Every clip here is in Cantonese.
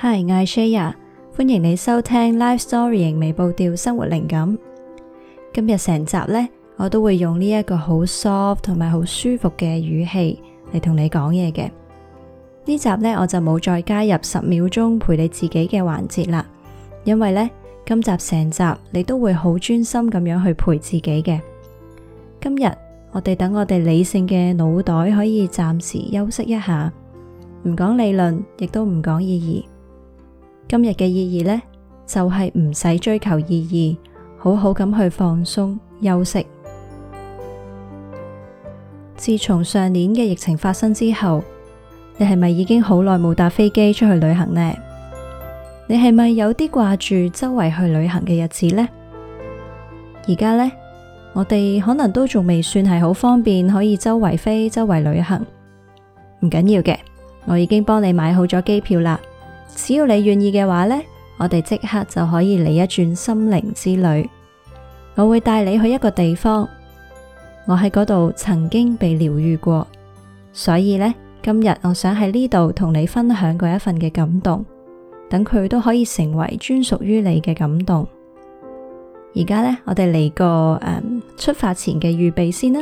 係艾 share，歡迎你收聽 Live Story ing, 微步調生活靈感。今日成集呢，我都會用呢一個好 soft 同埋好舒服嘅語氣嚟同你講嘢嘅。呢集呢，我就冇再加入十秒鐘陪你自己嘅環節啦，因為呢，今集成集你都會好專心咁樣去陪自己嘅。今日我哋等我哋理性嘅腦袋可以暫時休息一下，唔講理論，亦都唔講意義。今日嘅意義呢，就係唔使追求意義，好好咁去放鬆休息。自從上年嘅疫情發生之後，你係咪已經好耐冇搭飛機出去旅行呢？你係咪有啲掛住周圍去旅行嘅日子呢？而家呢，我哋可能都仲未算係好方便，可以周圍飛、周圍旅行。唔緊要嘅，我已經幫你買好咗機票啦。只要你願意嘅話呢，我哋即刻就可以嚟一轉心靈之旅。我會帶你去一個地方，我喺嗰度曾經被療癒過，所以呢，今日我想喺呢度同你分享過一份嘅感動，等佢都可以成為專屬於你嘅感動。而家呢，我哋嚟個、嗯、出發前嘅預備先啦，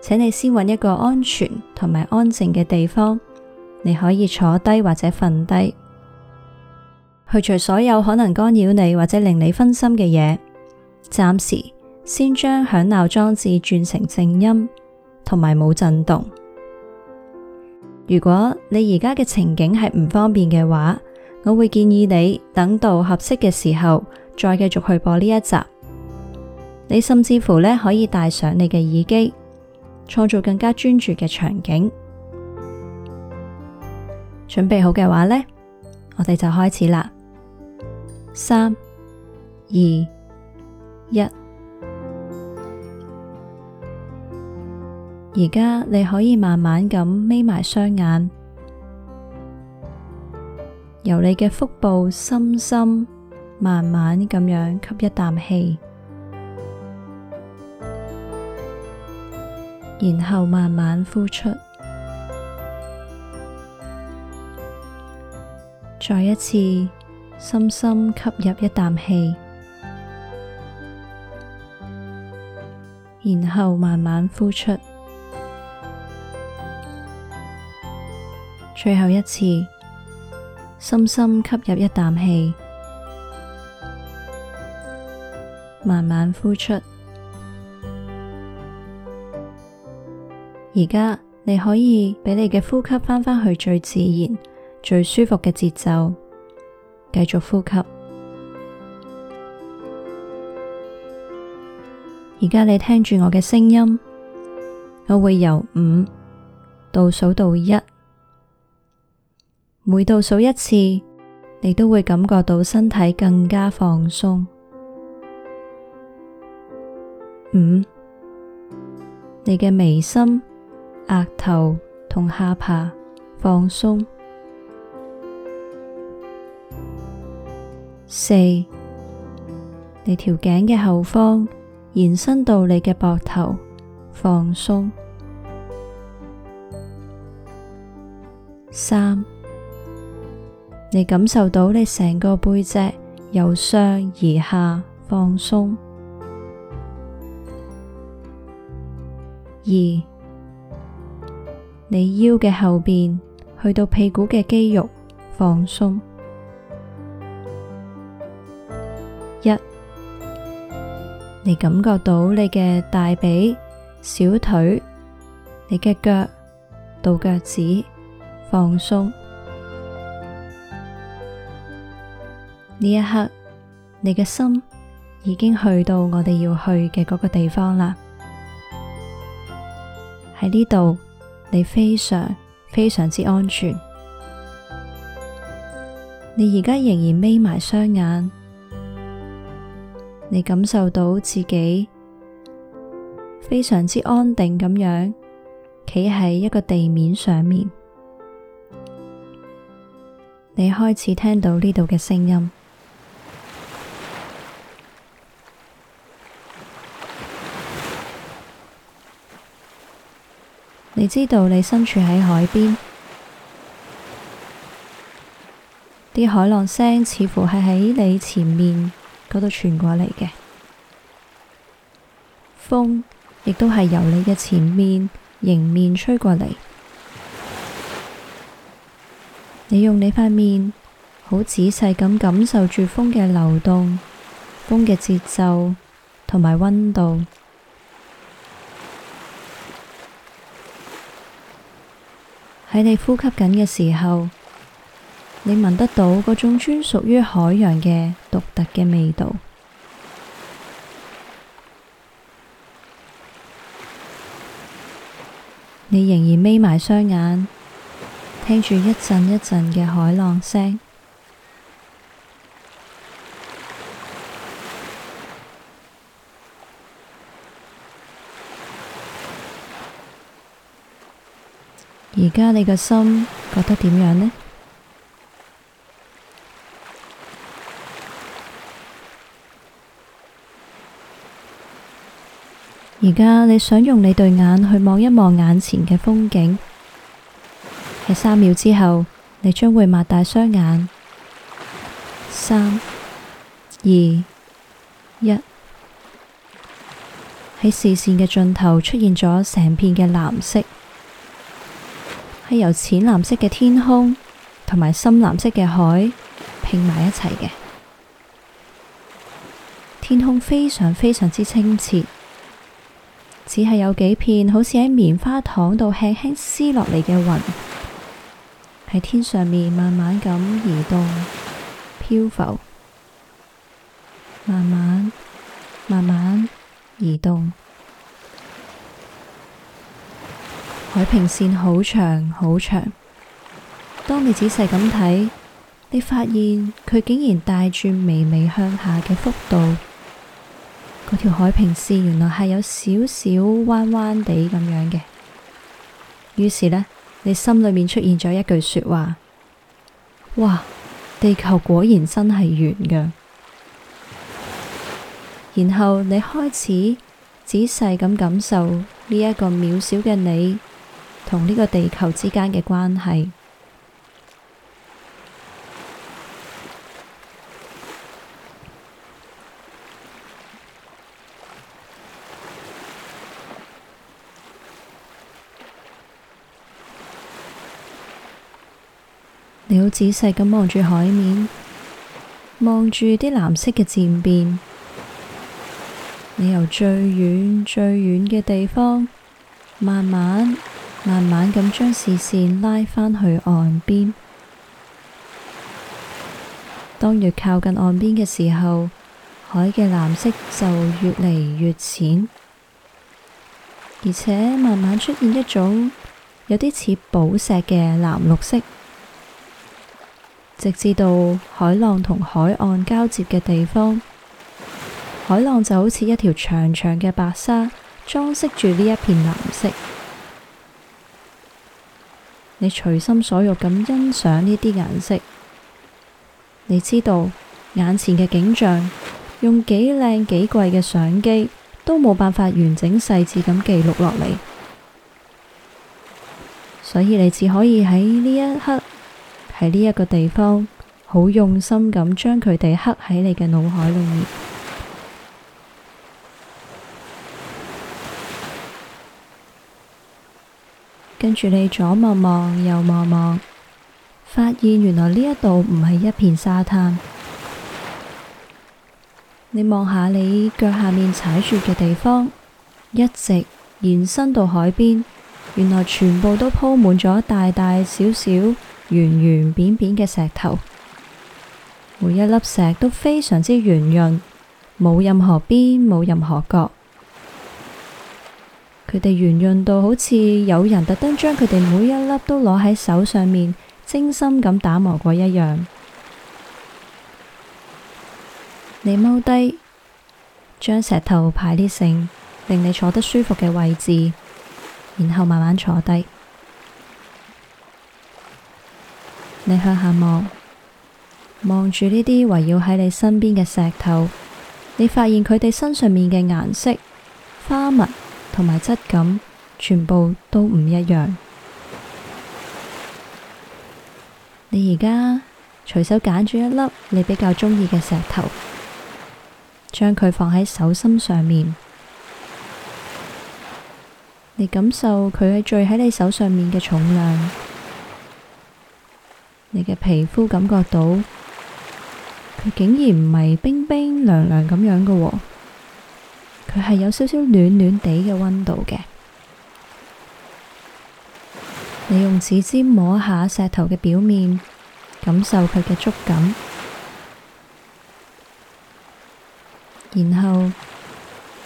請你先揾一個安全同埋安靜嘅地方，你可以坐低或者瞓低。去除所有可能干擾你或者令你分心嘅嘢，暫時先將響鬧裝置轉成靜音同埋冇震動。如果你而家嘅情景係唔方便嘅話，我會建議你等到合適嘅時候再繼續去播呢一集。你甚至乎咧可以戴上你嘅耳機，創造更加專注嘅場景。準備好嘅話咧，我哋就開始啦。三、二、一，而家你可以慢慢咁眯埋雙眼，由你嘅腹部深深、慢慢咁樣吸一啖氣，然後慢慢呼出，再一次。深深吸入一啖氣，然後慢慢呼出。最後一次，深深吸入一啖氣，慢慢呼出。而家你可以畀你嘅呼吸翻返去最自然、最舒服嘅節奏。繼續呼吸，而家你聽住我嘅聲音，我會由五倒數到一，每倒數一次，你都會感覺到身體更加放鬆。五，你嘅眉心、額頭同下巴放鬆。四，你條頸嘅後方延伸到你嘅膊頭，放鬆。三，你感受到你成個背脊由上而下放鬆。二，你腰嘅後邊去到屁股嘅肌肉放鬆。你感覺到你嘅大髀、小腿、你嘅腳到腳趾放鬆。呢一刻，你嘅心已經去到我哋要去嘅嗰個地方啦。喺呢度，你非常非常之安全。你而家仍然眯埋雙眼。你感受到自己非常之安定咁樣企喺一個地面上面，你開始聽到呢度嘅聲音。你知道你身處喺海邊，啲海浪聲似乎係喺你前面。嗰度傳過嚟嘅風，亦都係由你嘅前面迎面吹過嚟。你用你塊面好仔細咁感受住風嘅流動、風嘅節奏同埋溫度。喺你呼吸緊嘅時候。你聞得到嗰種專屬於海洋嘅獨特嘅味道？你仍然眯埋雙眼，聽住一陣一陣嘅海浪聲。而家你嘅心覺得點樣呢？而家，你想用你對眼去望一望眼前嘅風景，喺三秒之後，你將會擘大雙眼。三、二、一，喺視線嘅盡頭出現咗成片嘅藍色，係由淺藍色嘅天空同埋深藍色嘅海拼埋一齊嘅。天空非常非常之清澈。只係有幾片，好似喺棉花糖度輕輕撕落嚟嘅雲，喺天上面慢慢咁移動、漂浮，慢慢、慢慢移動。海平綫好長好長，當你仔細咁睇，你發現佢竟然帶住微微向下嘅幅度。嗰條海平線原來係有少少彎彎地咁樣嘅，於是呢，你心裏面出現咗一句說話：「哇，地球果然真係圓嘅。然後你開始仔細咁感受呢一個渺小嘅你同呢個地球之間嘅關係。仔細咁望住海面，望住啲藍色嘅漸變。你由最遠最遠嘅地方，慢慢慢慢咁將視線拉返去岸邊。當越靠近岸邊嘅時候，海嘅藍色就越嚟越淺，而且慢慢出現一種有啲似寶石嘅藍綠色。直至到海浪同海岸交接嘅地方，海浪就好似一條長長嘅白沙，裝飾住呢一片藍色。你隨心所欲咁欣賞呢啲顏色，你知道眼前嘅景象，用幾靚幾貴嘅相機都冇辦法完整細緻咁記錄落嚟，所以你只可以喺呢一刻。喺呢一個地方，好用心咁將佢哋刻喺你嘅腦海裏面。跟住，你左望望，右望望，發現原來呢一度唔係一片沙灘。你望下你腳下面踩住嘅地方，一直延伸到海邊，原來全部都鋪滿咗大大小小，圓圓扁扁嘅石頭，每一粒石都非常之圓潤，冇任何邊，冇任何角。佢哋圓潤到好似有人特登將佢哋每一粒都攞喺手上面，精心咁打磨過一樣。你踎低，將石頭排列成，令你坐得舒服嘅位置，然後慢慢坐低。你向下望，望住呢啲圍繞喺你身邊嘅石頭，你發現佢哋身上面嘅顏色、花紋同埋質感，全部都唔一樣。你而家隨手揀住一粒你比較中意嘅石頭，將佢放喺手心上面，你感受佢喺墜喺你手上面嘅重量。你嘅皮膚感覺到，佢竟然唔係冰冰涼涼咁樣嘅，佢係有少少暖暖地嘅溫度嘅。你用指尖摸下石頭嘅表面，感受佢嘅觸感，然後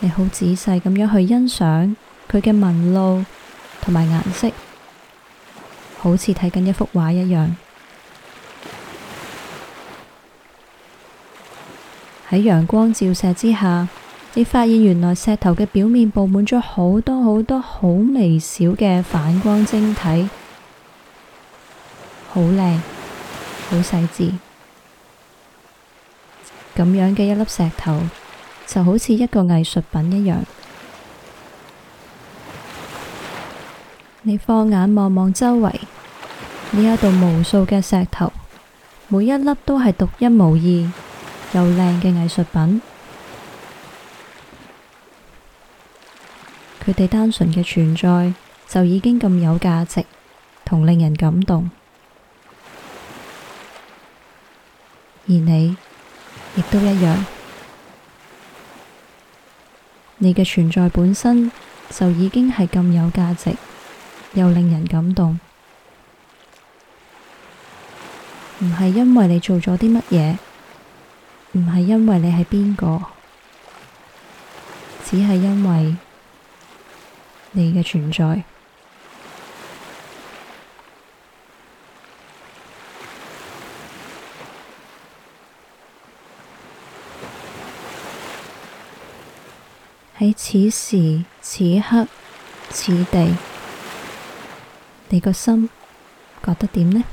你好仔細咁樣去欣賞佢嘅紋路同埋顏色，好似睇緊一幅畫一樣。喺陽光照射之下，你發現原來石頭嘅表面佈滿咗好多好多好微小嘅反光晶體，好靚，好細緻。咁樣嘅一粒石頭，就好似一個藝術品一樣。你放眼望望周圍，呢一度無數嘅石頭，每一粒都係獨一無二。又靚嘅藝術品，佢哋單純嘅存在就已經咁有價值同令人感動，而你亦都一樣，你嘅存在本身就已經係咁有價值又令人感動，唔係因為你做咗啲乜嘢。唔係因為你係邊個，只係因為你嘅存在。喺此時此刻此地，你個心覺得點呢？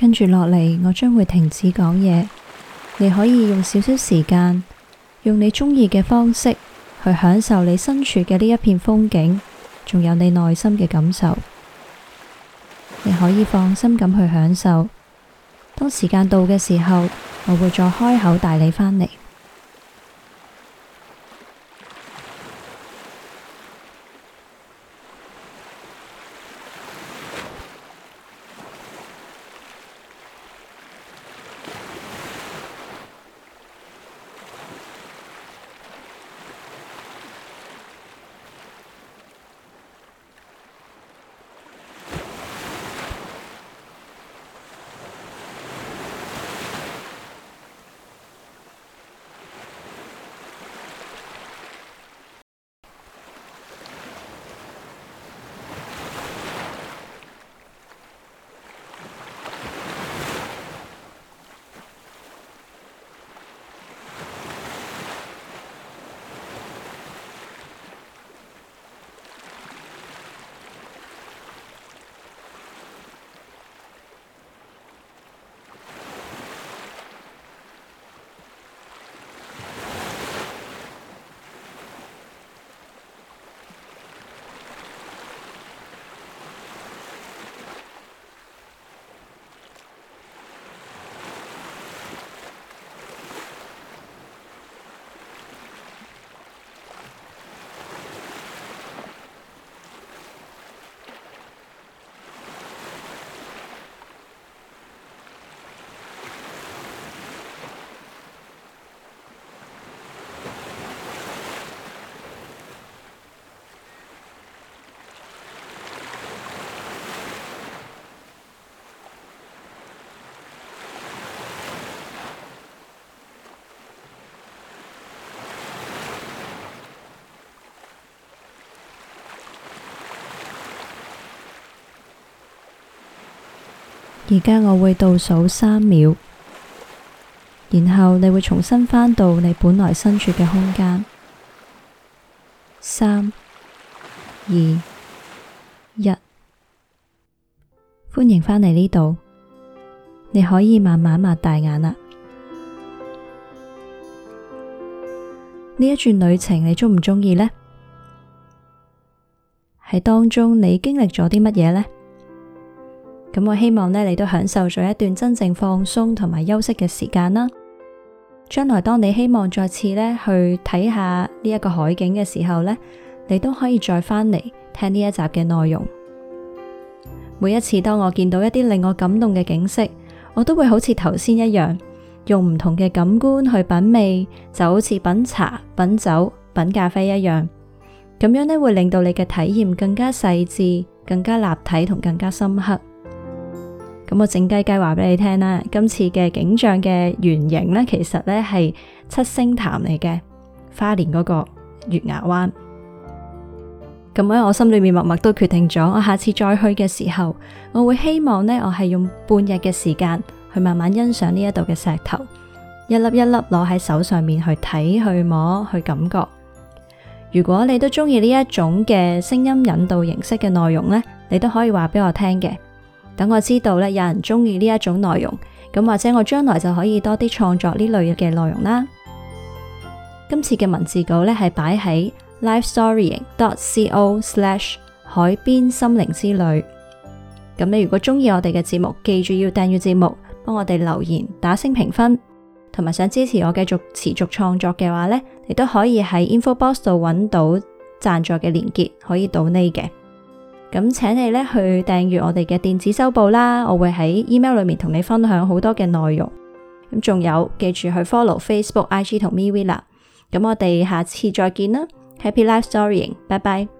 跟住落嚟，我將會停止講嘢。你可以用少少時間，用你中意嘅方式去享受你身處嘅呢一片風景，仲有你內心嘅感受。你可以放心咁去享受。當時間到嘅時候，我會再開口帶你返嚟。而家我會倒數三秒，然後你會重新翻到你本來身處嘅空間。三、二、一，歡迎翻嚟呢度。你可以慢慢擘大眼啦。呢一轉旅程你鍾唔鍾意呢？喺當中你經歷咗啲乜嘢呢？咁我希望呢，你都享受咗一段真正放鬆同埋休息嘅時間啦。將來當你希望再次呢去睇下呢一個海景嘅時候呢，你都可以再返嚟聽呢一集嘅內容。每一次當我見到一啲令我感動嘅景色，我都會好似頭先一樣，用唔同嘅感官去品味，就好似品茶、品酒、品咖啡一樣。咁樣呢，會令到你嘅體驗更加細緻、更加立體同更加深刻。咁我靜雞雞話俾你聽啦，今次嘅景象嘅原型呢，其實呢係七星潭嚟嘅，花蓮嗰個月牙灣。咁喺我心裏面默默都決定咗，我下次再去嘅時候，我會希望呢，我係用半日嘅時間去慢慢欣賞呢一度嘅石頭，一粒一粒攞喺手上面去睇、去摸、去感覺。如果你都中意呢一種嘅聲音引導形式嘅內容呢，你都可以話俾我聽嘅。等我知道咧，有人中意呢一種內容，咁或者我將來就可以多啲創作呢類嘅內容啦。今次嘅文字稿咧係擺喺 lifestorying.co/ 海邊心靈之旅。咁你如果中意我哋嘅節目，記住要訂閱節目，幫我哋留言、打星評分，同埋想支持我繼續持續創作嘅話呢，你都可以喺 info box 度揾到贊助嘅連結，可以 donate 嘅。咁請你咧去訂閱我哋嘅電子週報啦，我會喺 email 裏面同你分享好多嘅內容。咁仲有記住去 follow Facebook、IG 同 MeWe 啦。咁我哋下次再見啦，Happy Life Storying，拜拜。